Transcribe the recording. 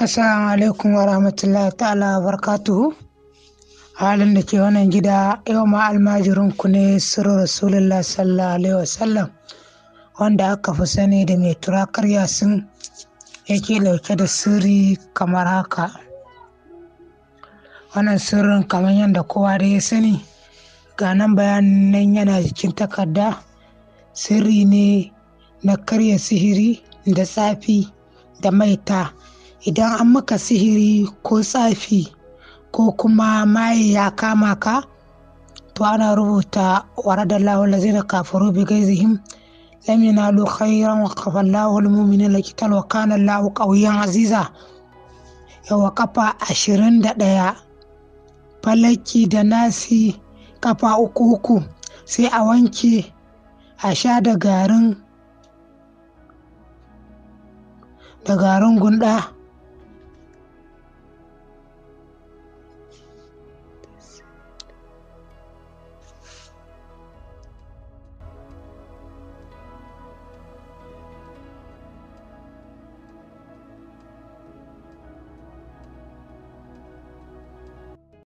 Assalamu alaikum wa rahmatullahi ta'ala barkatuhu. Halin da ke wannan gida yau ma almajirinku ne sirrin Rasulullah sallallahu alaihi wasallam wanda aka fi sani da mai turakar yasin yake lauke da sirri kamar haka. Wannan sirrin kamar yadda kowa da ya sani ga nan bayanin nan yana jikin takarda sirri ne na karya sihiri da tsafi da maita. idan an maka sihiri ko tsafi ko kuma maye ya kama ka to ana rubuta warada lahul zina kafaru bi gaizihim lam yanalu khairan wa kafa lahul mu'minin lakital wa kana lahu qawiyan aziza yawa kafa ashirin da falaki da nasi kafa uku uku sai a wanke a sha da garin da garin gunda